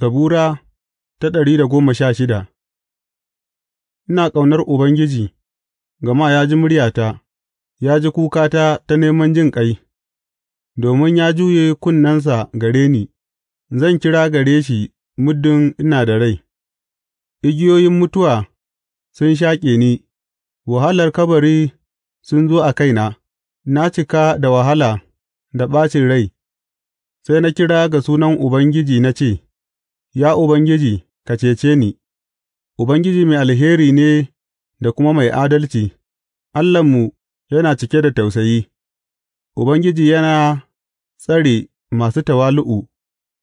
Zabura ta ɗari da goma sha shida Ina ƙaunar Ubangiji, gama ya ji muryata, ya ji kukata ta neman jin ƙai. domin ya juye kunnensa gare ni, zan kira gare shi muddin ina da rai. Igiyoyin mutuwa sun shaƙe ni, wahalar kabari sun zo a kaina, na cika da wahala da ɓacin rai, sai na kira ga sunan Ubangiji na ce. Ya Ubangiji, ka cece ni; Ubangiji mai alheri ne da kuma mai adalci, Allahnmu yana cike da tausayi; Ubangiji yana tsare masu tawali'u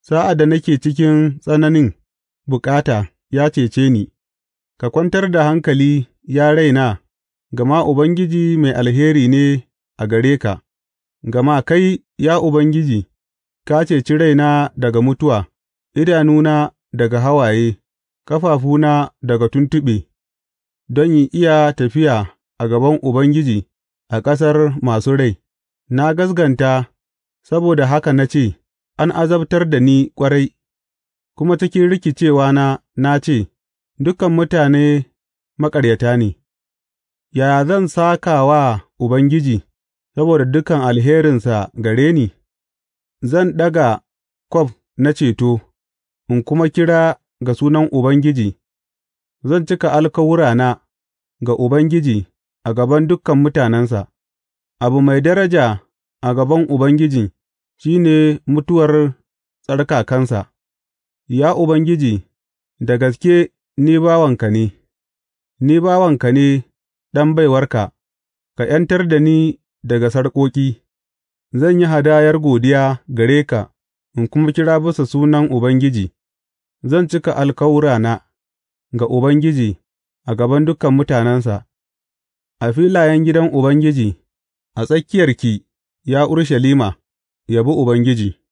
sa'ad da nake cikin tsananin bukata ya cece ni, Ka kwantar da hankali, ya raina, gama Ubangiji mai alheri ne a gare ka, gama kai, ya Ubangiji, ka ceci raina daga mutuwa, idanuna daga hawaye, ƙafafuna daga tuntuɓe, don in iya tafiya a gaban Ubangiji a ƙasar masu rai, na gaskata saboda haka na ce, An azabtar da ni ƙwarai, kuma cikin rikicewana na ce, Dukan mutane maƙaryata ne, yaya zan saka wa Ubangiji saboda dukan alherinsa gare ni? Zan ɗaga kwaf na ceto. in kuma kira ga sunan Ubangiji, zan cika alkawurana ga Ubangiji a gaban dukan mutanensa, abu mai daraja a gaban Ubangiji shi ne mutuwar tsarkakansa, Ya Ubangiji, da gaske ni bawanka ne, ni bawanka ne ɗan baiwarka, ka ’yantar da ni daga sarƙoƙi, zan yi hadayar godiya gare ka. in kuma kira bisa sunan Ubangiji, zan cika alkawurana ga Ubangiji a gaban dukan mutanensa, a filayen gidan Ubangiji, a tsakiyarki, ya Urushalima, yabi Ubangiji.